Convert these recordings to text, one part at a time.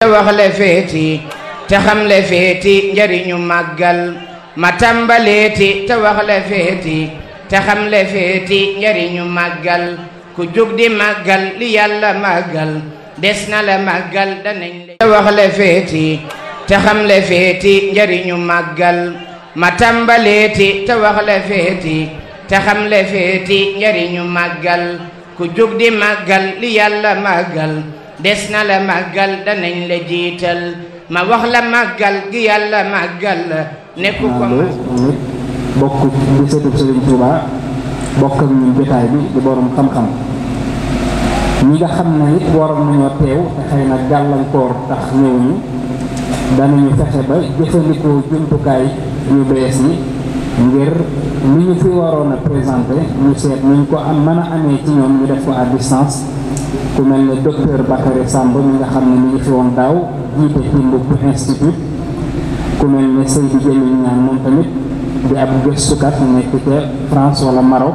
te wax le feeti te xam le feeti njariñu màggal ma tàmbaleeti te wax le feeti te xam le feeti njariñu màggal ku jug di màggal li yàlla màggal des na la màggal danañ le te wax le feeti te xam le feeti njariñu màggal ma tàmbaleeti te wax le feeti te xam le feeti njariñu màggal ku jug di màggal li yàlla màggal des na la màggal danañ la jiital ma wax la màggal gi yàlla màggal nekku ko bokk di sëtub Sëriñ Tuubaa bokk ak ñun jotaay bi di boroom xam-xam ñi nga xam ne it waroon nañoo teew te xëy na gàllankoor tax ñëw ñi danañu fexe ba jëfandikoo jumtukaay yu bees yi ngir li ñu fi waroon a présenté ñu seet ñu ko am mën a amee ci ñoom ñu def ko à distance ku melni docteur Bakary sambu nga xamni ni ci won daw jitu daaw jiite ci institut ku melni ne Seydou Diagne ñaan mom tamit di ab gestu gëstukat nekk ca France wala Maroc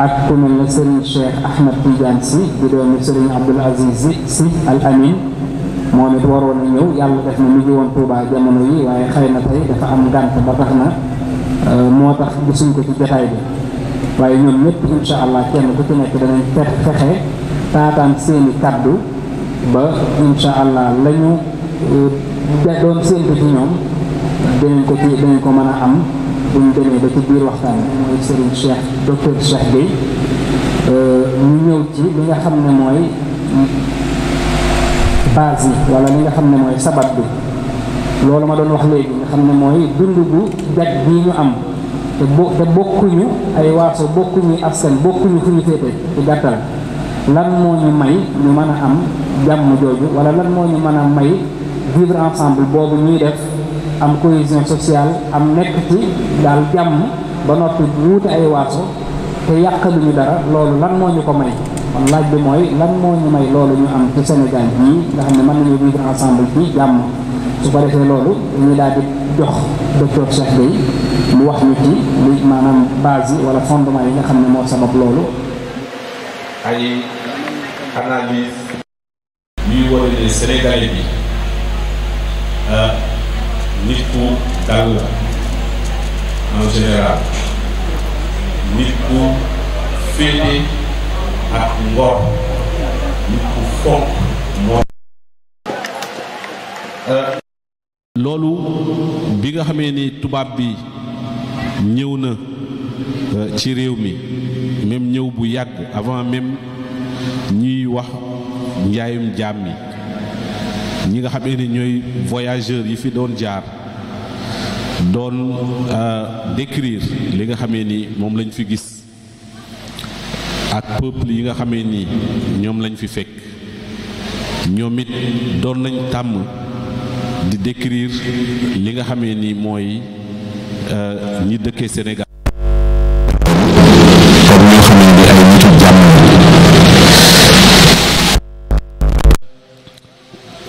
ak ku melni ne Serigne Cheikh Ahmed Tidiane si di do doomi Serigne Abdoul Aziz si Al Amin moom it waroon a ñëw yàlla def na mi ngi woon Touba jamono yi waye xeyna tay dafa am gànt ba tax na motax tax gisuñ ko ci jotaay bi waaye ñoom ñëpp incha allah kenn ku ci nekk danañ fexe taataan seeni kàddu ba incha allah lañu ñu eh, doon séentu ci ñoom dinañ ko ci dinañ ko mën a am buñ demee ba ci biir waxtaan mooy Serigne Cheikh docteur Cheikh Gueye euh, ñu ñëw ci li nga xam ne mooy base yi walla li nga xam ne mooy sabat bi loolu ma doon wax léegi nga xam ne mooy dund bu jag bii ñu am te bo te bokkuñu ay waaso bokkuñu askan bokkuñu fu ñu féete ci gàttal lan moo ñu may ñu mën a am jàmm jooju wala lan moo ñu mën a may vivre ensemble boobu ñuy def am cohésion sociale am nekk ci daal jàmm ba noppi wuute ay waaso te yàqaluñu dara loolu lan moo ñu ko may kon laaj bi mooy lan moo ñu may loolu ñu am ci Sénégal yii nga xam ne mën nañu vivre ensemble ci jàmm su ko defee loolu ñu daal di jox docteur chef bi mu wax nit yi li maanaam base yi wala fondement yi nga xam ne moo sabab loolu ay analyse yuy wane ne Sénégalais bi ah, nit ku dal la en général nit ku féete ak ngor nit ku fonk moo loolu bi nga xamee ni tubaab bi ñëw na euh, ci réew mi même ñëw bu yàgg avant même ñuy wax njaayum jaam mi ñi nga xamee ni ñooy voyageurs yi fi doon jaar doon euh, décrire li nga xamee ni moom lañ fi gis ak peuple yi nga xamee ni ñoom lañ fi fekk ñoomit doon nañ tàmm di décrire li nga xamee ni mooy euh, ñi dëkkee Sénégal.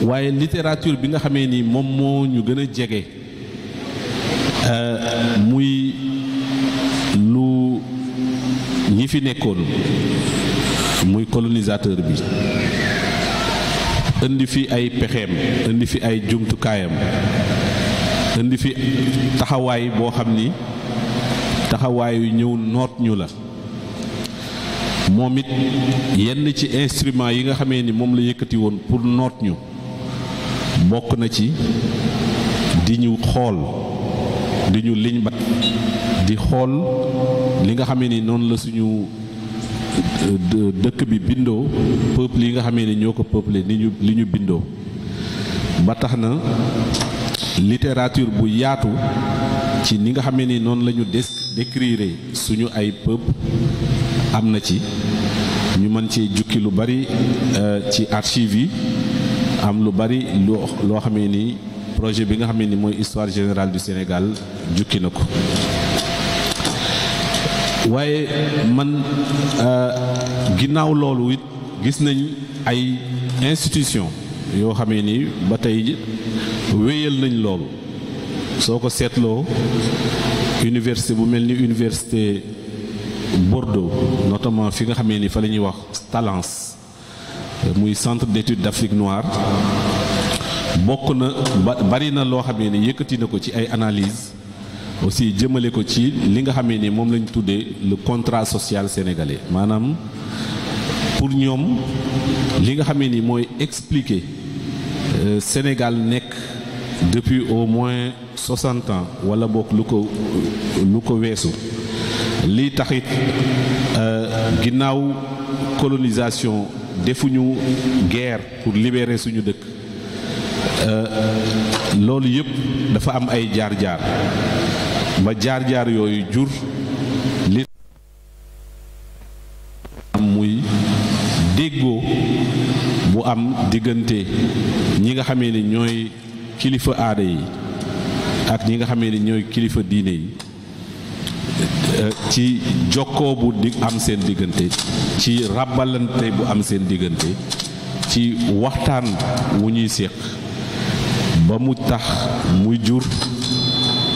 waaye littérature bi nga xamee ni moom moo ñu gën a jege euh, muy lu ñi fi nekkoon muy colonisateur bi indi fi ay pexeem indi fi ay jumtukaayam indi fi taxawaay boo xam ni taxawaayu ñëw noot ñu la moom it yenn ci instrument yi nga xamee ni moom la yëkkati woon pour noot ñu bokk na ci di ñu xool di ñu liñ bat di xool li nga xamee ni noonu la suñu dëkk bi bindoo peuple yi nga xamee ne ñoo ko peuplé ni ñu li ñu bindoo ba tax na littérature bu yaatu ci ni nga xamee ni noonu lañu ñu des décrire suñu ay peuple am na ci ñu mën cee jukki lu bari euh, ci archives yi am lu bari loo loo xamee ni projet bi nga xamee ni mooy histoire générale du Sénégal jukki na ko waye man euh, ginnaw lolou it gis nañ ay institution yo xamé ni batay weyel nañ que soko setlo université bu melni l'université université Bordeaux notamment fi nga xamé ni fa la wax Talence muy centre d'études d'Afrique noire bokuna na bari na lo xamee ni yëkëti na ko ci ay analyse aussi jëmale ko ci li nga xamé ni mom lañ tuddé le contrat social sénégalais manam pour ñom li nga xamé ni moy expliquer euh, Sénégal nek depuis au moins 60 ans wala bok lu ko lu ko li taxit euh, ginnaw colonisation ñu guerre pour libérer suñu dëkk euh, lolu yëpp dafa am ay jaar-jaar ba jaar-jaar yooyu jur li am muy déggoo bu am diggante ñi nga xamee ni ñooy kilifa aada yi ak ñi nga xamee ni ñooy kilifa diine yi euh, ci jokkoo bu di am seen diggante ci ràbbalante bu am seen diggante ci waxtaan wu ñuy séq ba mu tax muy jur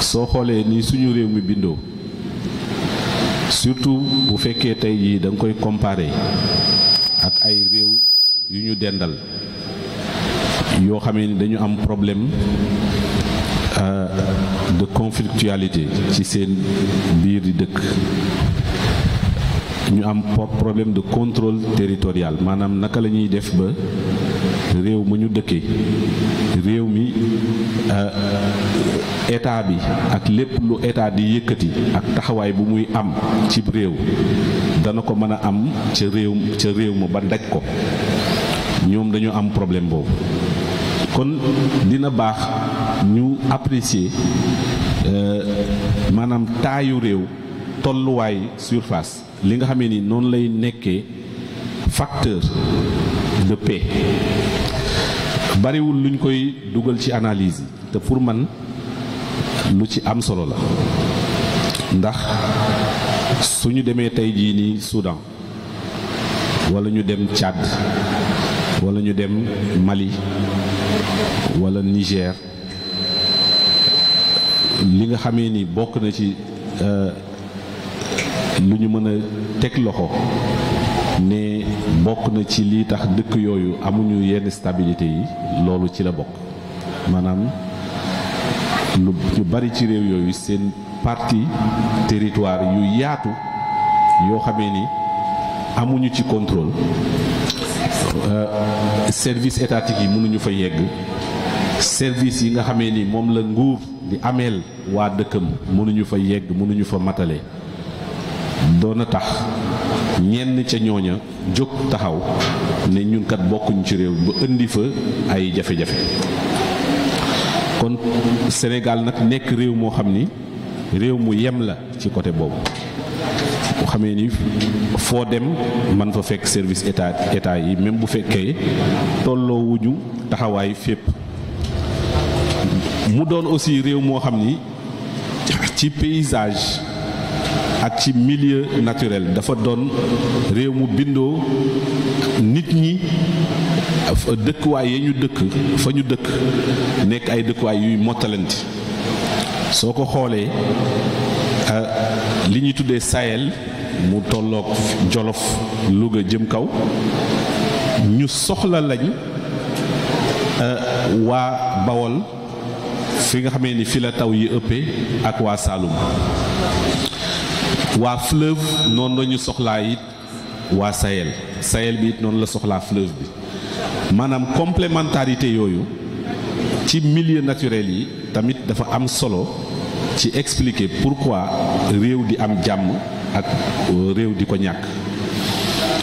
soo xoolee ni suñu réew mi bindoo surtout bu fekkee tey jii da koy compare ak ay réew yu ñu dendal yoo xamee ni dañu am problème euh, de conflictualité ci seen biir di dëkk ñu am problème de contrôle teritorial maanaam naka lañuy def ba réew ma ñu dëkkee réew mi Euh, état bi ak lépp lu état di yëkkati ak taxawaay bu muy am ci réew dana ko mën a am ca réew ca réew ma ba daj ko ñoom dañu am problème boobu kon dina baax ñu apprécier euh, maanaam taayu réew tolluwaay surface li nga xamee ni noonu lay nekkee facteur de paix bariwul luñ koy dugal ci analyse yi te pour man lu ci am solo la ndax su ñu demee tey jii nii Soudan wala ñu dem Tchad wala ñu dem Mali wala Niger li nga xamee ni bokk na ci euh, lu ñu mën a teg loxo ne bokk na ci lii tax dëkk yooyu amuñu yenn stabilité yi loolu ci la bokk maanaam lu ñu bari ci réew yooyu seen parti territoire yu yaatu yoo xamee ni amuñu ci contrôle euh, service étatique yi mënuñu fa yegg service yi nga xamee ni moom la nguur di ameel waa dëkkam mënuñu fa yegg mënuñu fa matale a tax ñenn ca ñooña jóg taxaw ne ñun kat bokkuñ ci réew ba indi fa ay jafe-jafe kon Sénégal nag nekk réew moo xam ni réew mu yem la ci côté boobu bu xamee ni foo dem man fa fekk service état état yi même bu fekkee tolloowuñu wuñu taxawaay fépp mu doon aussi réew moo xam ni ci paysage ak ci milieu naturel dafa doon réew mu bindoo nit ñi dëkkuwaay yi ñu dëkk fa ñu dëkk nekk ay dëkkuwaay yuy mottalanti soo ko xoolee euh, li ñuy tuddee Sahel mu tolloog Jolof Louga jëm kaw ñu soxla lañ euh, waa Bawol fi nga xame ni fi la taw yi ëppee ak waa Saalum wa fleuve non la ñu soxlaa it waa Sahel Sahel bi non la soxla fleuve bi manam complémentarité yoyu ci milieu naturel yi tamit dafa am solo ci expliquer pourquoi rew di am jàmm ak euh, rew di ko ñak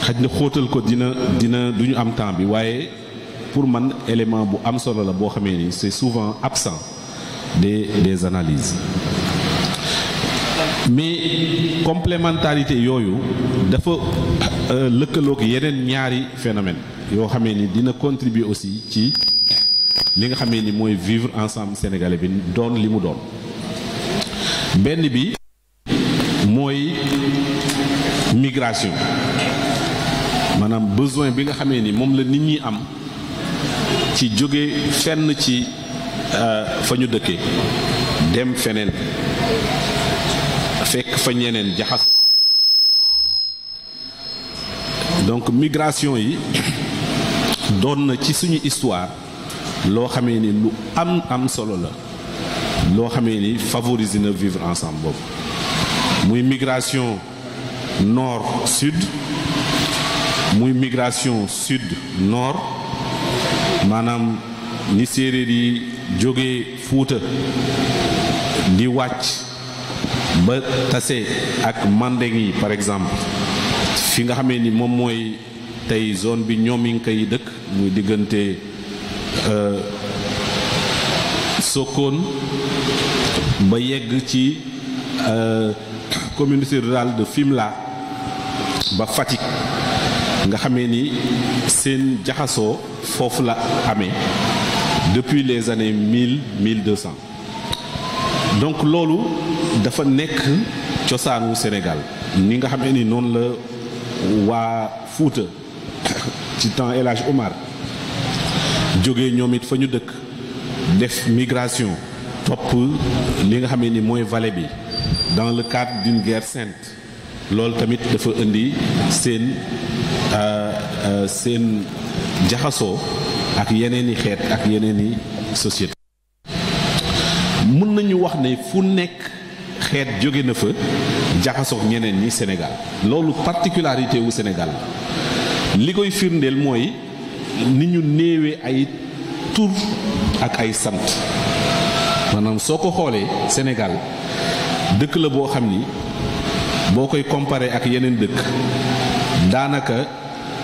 xajna na ko dina dina duñu am temps bi waye pour man élément bu am solo la bo xamé ni c'est souvent absent des des analyses mais complémentarité yoyu dafa euh, lëkkaloog yenen ñaari phénomène Yo, xamé ni dina contribuer aussi ci li nga xamé ni moy vivre ensemble sénégalais bi doon li mu doon benn bi moy migration Manam besoin bi nga xamé ni mom la nit ñi am ci joggé fenn ci euh, fa ñu dem feneen fek fa ñeneen jaxas donc migration yi doon na ci suñu histoire loo xamee ni lu am am solo la loo xamee ni favoriser na vivre ensemble boobu muy migration nord sud muy migration sud nord maanaam ni séeréer yi jógee Fuuta di wàcc ba ak Mandeng par exemple fi nga xamé ni mom moy tay zone bi ñom yi ngi euh, ba yegg ci euh, communauté rurale de Fimla, ba Fatik. nga xamé ni seen jaxasoo fofu la depuis les années 1000 1200 donc loolu dafa nek cosaanu Sénégal ni nga xamé ni non la wa Fuuta ci temps El Hadj Omar jógee ñoom fa ñu dëkk def migration top li nga xamé ni moy vallée bi dans le cadre d'une guerre sainte loolu tamit dafa indi euh, euh sen jaxasoo ak yeneen i xeet ak yeneen ni société mën nañu wax ne fu nekk xeet jóge na fa jaxasoo ñeneen ñi senegal loolu particularité wu Sénégal li koy firndeel mooy ni ñu néewee ay tur ak ay sant maanaam soo ko xoolee senegal dëkk la boo xam ni boo koy comparé ak yeneen dëkk daanaka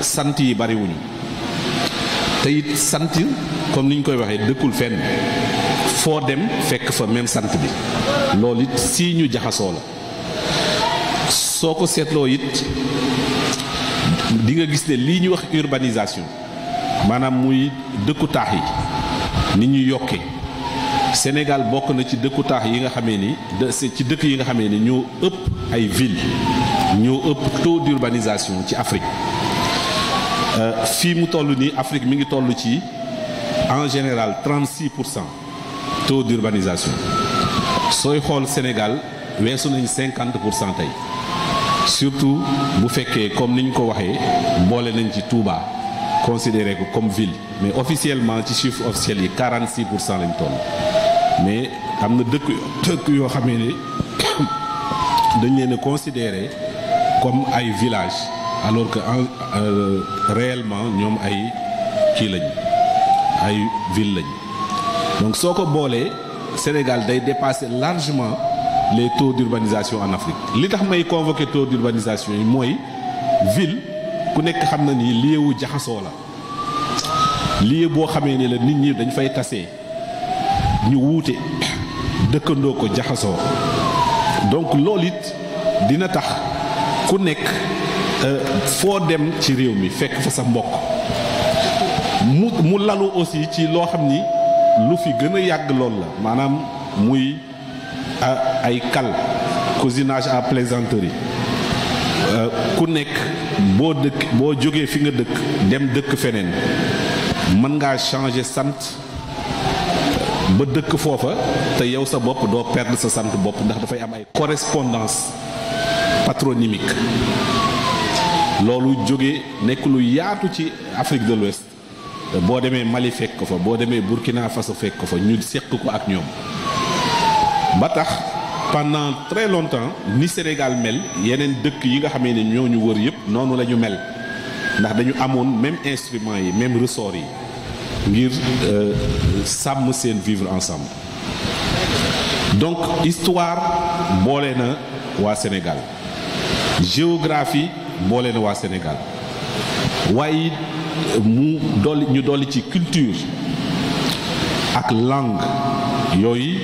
sant yi bariwuñu te it sant comme ni ñu koy waxee dëkkul fenn foo dem fekk fa même santé bi si la soko setlo yit di nga gis ñu wax urbanisation manam muy ni ñu Sénégal bokk na ci deku tax yi nga ni ci up yi nga ville ñu up taux d'urbanisation ci Afrique euh, fi mu Afrique mi ngi en général 36 taux d'urbanisation sooy le Sénégal il y cinquante pour cent 50%. surtout faites que, comme nous l'avons ko waxee boole nañ ci Touba considéré comme ville mais officiellement le chiffre officiel est quarante six mais comme nous dëkk dëkk yoo xamee ne comme un village alors que euh, réellement nous sommes un lañ ay ville donc soo ko boolee Sénégal day dépasser largement les taux d'urbanisation en Afrique li tax may convoqué taux d'urbanisation yi ville ku nekk xam ni lieu wu jaxasoo la lieu boo xamee ne la nit ñi dañ fay tasee ñu wuute dëkkandoo ko jaxasoo donc l'olit dina tax ku nekk euh, foo dem ci réew mi fekk fa sa mbokk mu lalu aussi ci loo xam lu fi gën a yàgg lool la muy ay cousinage à plaisanterie euh, ku nekk boo dëkk boo jógee fi nga dem changer sant ba dëkk foofa te yow sa perdre sa sant bopp ndax dafay am ay correspondance patronymique loolu jóge nekk lu yaatu ci Afrique de l'Ouest boo demee Mali fekk ko fa boo demee Burkina Faso fekk ko fa ñu seq ko ak ñoom ba tax pendant très longtemps ni Sénégal mel yeneen dëkk yi nga xamee ne ñoo ñu wër yëpp noonu la ñu mel ndax dañu amoon même instrument yi même ressort yi ngir euh, sàmm seen vivre ensemble donc histoire boole na waa Sénégal géographie boole na waa Sénégal waaye mu dolli ñu dolli ci culture ak langue yoy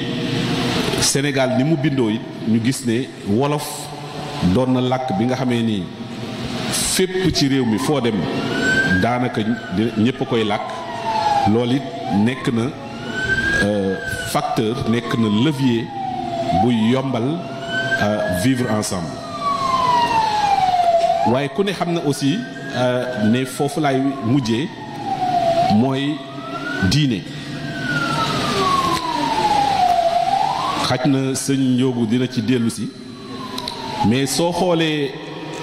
Sénégal ni mu bindo yi ñu gis né wolof doon na làkk bi nga xamé ni fépp ci réew mi fo dem daanaka ñépp a koy làkk lolit nek na euh facteur nek na levier bu yombal euh, vivre ensemble waye ku ne xamna aussi ne euh, foofu laay mujjee mooy diine xaj na sëñ Njóobu dina ci dellusi mais soo xoolee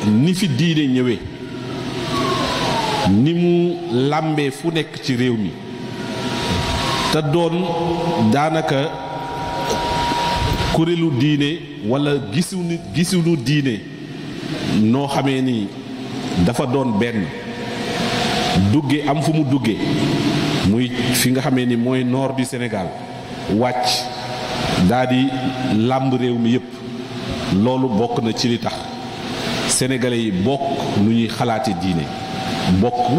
ni fi diine ñëwee ni mu làmbee fu nekk ci réew mi te doon daanaka kuréelu diine wala gisuñu gisuñu diine noo xamee nii dafa doon benn dugge am fu mu dugge muy fi nga xamee ni mooy nord du senegaal wàcc daadi làmb réew mi yépp loolu bokk na ci li tax sénégalais yi bokk nu ñuy xalaate diine bokk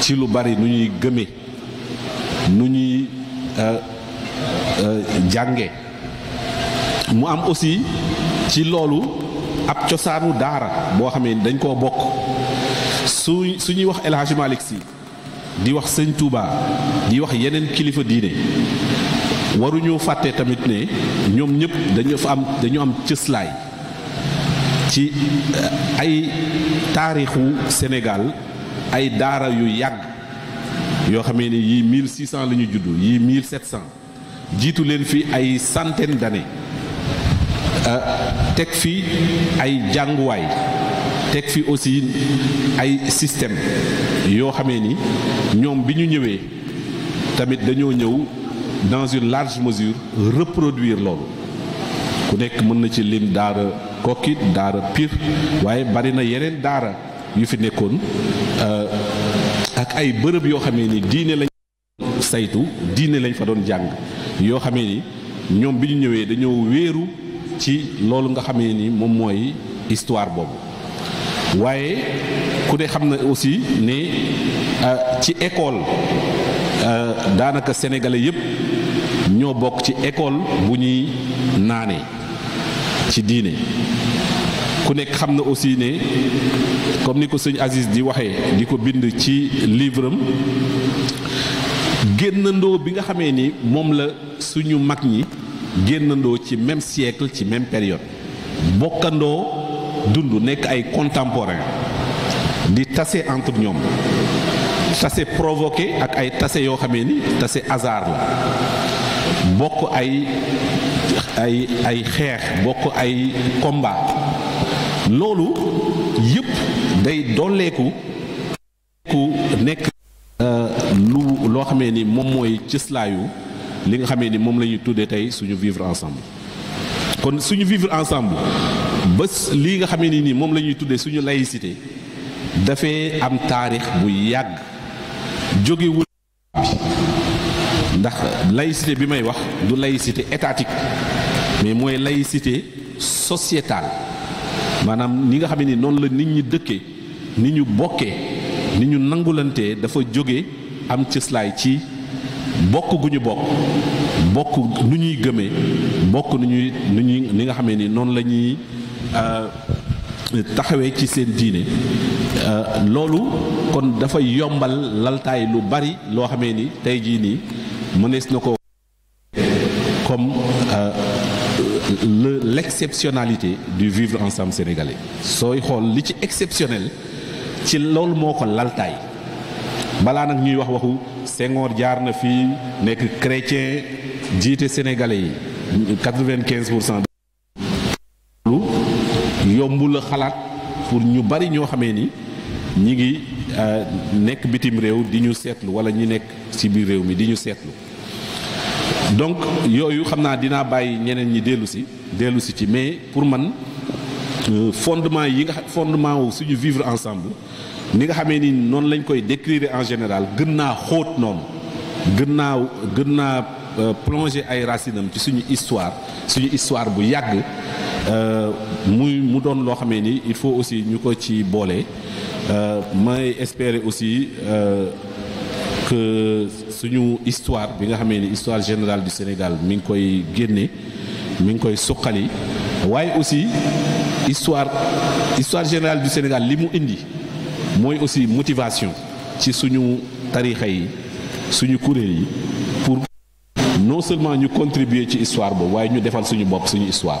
ci lu bari nu ñuy gëme nu ñuy euh, euh, jànge mu am aussi ci loolu ab cosaanu daara boo xamee ni dañ koo bokk su su ñuy wax El Hadj Malick di wax sëñ Touba di wax yeneen kilifa diine waruñoo fàtte tamit ne ñoom ñëpp dañu fa am dañu am cëslaay ci eh, ay taarixu senegal ay daara yu yàgg yoo xamee ne yii 1600 la ñu judd yii 1700 jiitu leen fi ay centaine dane eh, teg fi ay jànguwaay. tek fi aussi ay système yo xamé ni ñom biñu tamit dañoo ñëw dans une large mesure reproduire loolu ku ci daara Pire bari na yeneen daara yu fi nekkoon euh, ak ay bërëb yoo xamee ni diine lañ saytu diine lañ fa doon jàng yoo xamee ni nga histoire waaye ku ne xam na aussi ne euh, ci école euh, daanaka sénégalais yépp ñoo bokk ci école bu ñuy naanee ci diine ku nekk xam na aussi ne comme ni ko sëñ Aziz di waxee di ko bind ci livre am génnandoo bi nga xamee ni moom la suñu mag ñi génnandoo ci même siècle ci même période bokkandoo dune qui ay contemporain di tasser entre ça s'est provoqué ak ay tase yo xamé ni hasard la bokk ay ay ay xex bokk ay combat lolu day ku nek euh, lu lo xamé ni moy ci slayu li nga xamé ni mom tuddé tay suñu vivre ensemble kon suñu vivre ensemble bés lii nga xam ne nii moom la ñuy tuddee suñu laïcité dafee am taarix bu yàgg jógewul ndax laïcité bi may wax du laïcité étatique mais mooy laïcité sociétale maanaam ni nga xam ni noonu la nit ñi dëkkee ni ñu bokkee ni ñu nangulantee dafa jóge am cëslaay ci bokk gu ñu bokk bokk nu ñuy gëme bokk nu ñuy nu ni nga xam ni noonu la ñuy Euh, taxawee ci seen diine euh, lolu kon dafa yombal laltaay lu bari lo xamé ni tey jii nii mënees na comme euh, l'exceptionnalité du vivre ensemble sénégalais soy xol li ci exceptionnel ci lolu moko ko laltaay balaa nag ñuy wax waxu Senghor jaar na fi nek chrétien jiite sénégalais yi quatre yombu la xalaat pour ñu bari ñoo xamee ni ñi ngi euh, nekk bitim réew di ñu seetlu wala ñi nekk ci biir réew mi di ñu seetlu donc yooyu xam naa dinaa bàyyi ñeneen ñi dellu si dellu si ci mais pour man euh, fondement yi nga fondement wu suñu vivre ensemble ni nga xamee ni noonu lañ koy décrire en général gën naa xóot noonu gën naa gën naa euh, plonger ay racinam ci suñu histoire suñu histoire bu yàgg euh, muy mu doon loo xamee ni il faut aussi ñu ko ci boole euh, may espérer aussi euh, que suñu histoire bi nga xamee ni histoire générale du Sénégal mi ngi koy génne mi ngi koy suqali waaye aussi histoire histoire générale du Sénégal li mu indi mooy aussi motivation ci suñu tarixa yi suñu kuréel yi pour non seulement ñu contribuer ci histoire boobu waaye ñu defal suñu bopp suñu histoire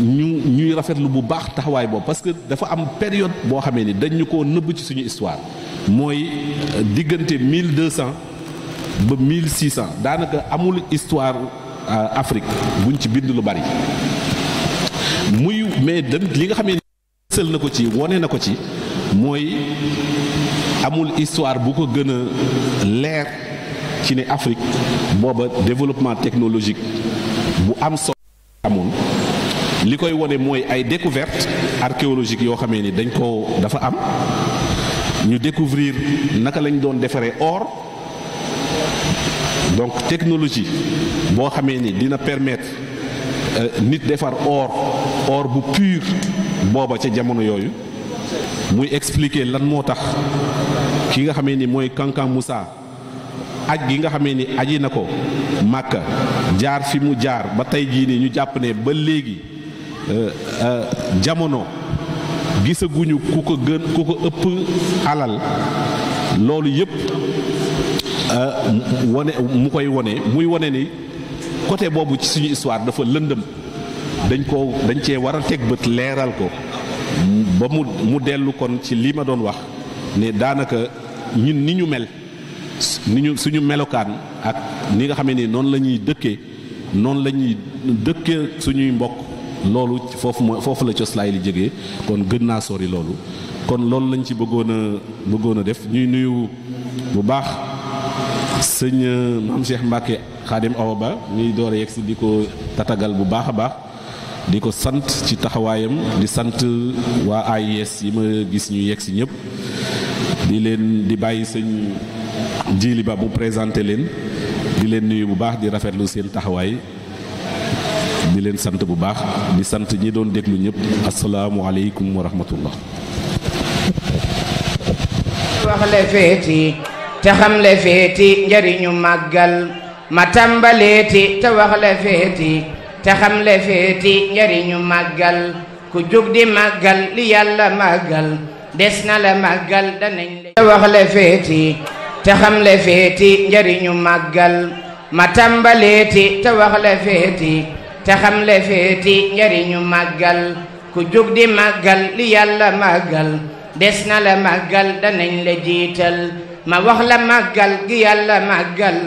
ñu ñuy rafetlu bu baax taxawaay boobu parce que dafa am période boo xamee ni dañu ko koo nëbb ci suñu histoire mooy euh, diggante 1200 ba 1600 daanaka amul histoire euh, Afrique buñ ci bind lu bari muy mais dem li nga xamee ni sël na ko ci wone na ko ci mooy amul histoire bu ko gën a leer ci ne Afrique booba développement technologique bu am solo amoon li koy wone mooy ay découverte archéologique yo xamé ni dañ ko dafa am ñu découvrir naka lañ doon defaree or donc technologie bo xamé ni dina permettre euh, nit defar or or bu pur boba ca jamono yoyu muy expliquer lan motax ki nga xamé ni moy Kankan Moussa aj gi nga xamé ni aji nako makka jaar fi mu jaar ba tay ji ni ñu japp ne ba légui Euh, euh, jamono gisaguñu ku ko gën ku ko ëpp alal loolu yëpp euh, wone mu koy wone muy wone ni côté boobu ci suñu histoire dafa lëndëm dañ ko dañ cee war a teg bët leeral ko ba mu mu dellu kon ci lii ma doon wax ne daanaka ñun ni ñu mel ni suñu melokaan ak ni nga xam ni noonu lañuy ñuy dëkkee noonu la ñuy dëkkee suñuy mbokk lolu fofu fofu foofu la coslaay li jege kon gën sori lolu kon lolu lañ ci bëggona bëggona def ñuy nuyu bu baax sëñ euh, mam Cheikh mbake Khadim Awa ñuy doore yex yegg tatagal bu baax baax diko sante sant ci taxawayam di sant wa AIS yi ma gis ñuy yex si di len di bayyi sëñ Djili Ba bu len len, di len nuyu bu baax di rafetlu seen taxaway di leen sant bu baax di sant ñi doon déglu ñëpp asalaamualeykum wa rahmatullah wax le feeti te xam le feeti njariñu màggal ma tàmbaleeti te wax le feeti te xam le feeti njariñu màggal ku jug di màggal li yàlla màggal des na la màggal danañ le te wax feeti te xam feeti njariñu màggal ma tàmbaleeti te wax feeti te xam le féeti njariñu màggal ku jug di màggal li yàlla màggal des na la màggal danañ la jiital ma wax la màggal gi yàlla màggal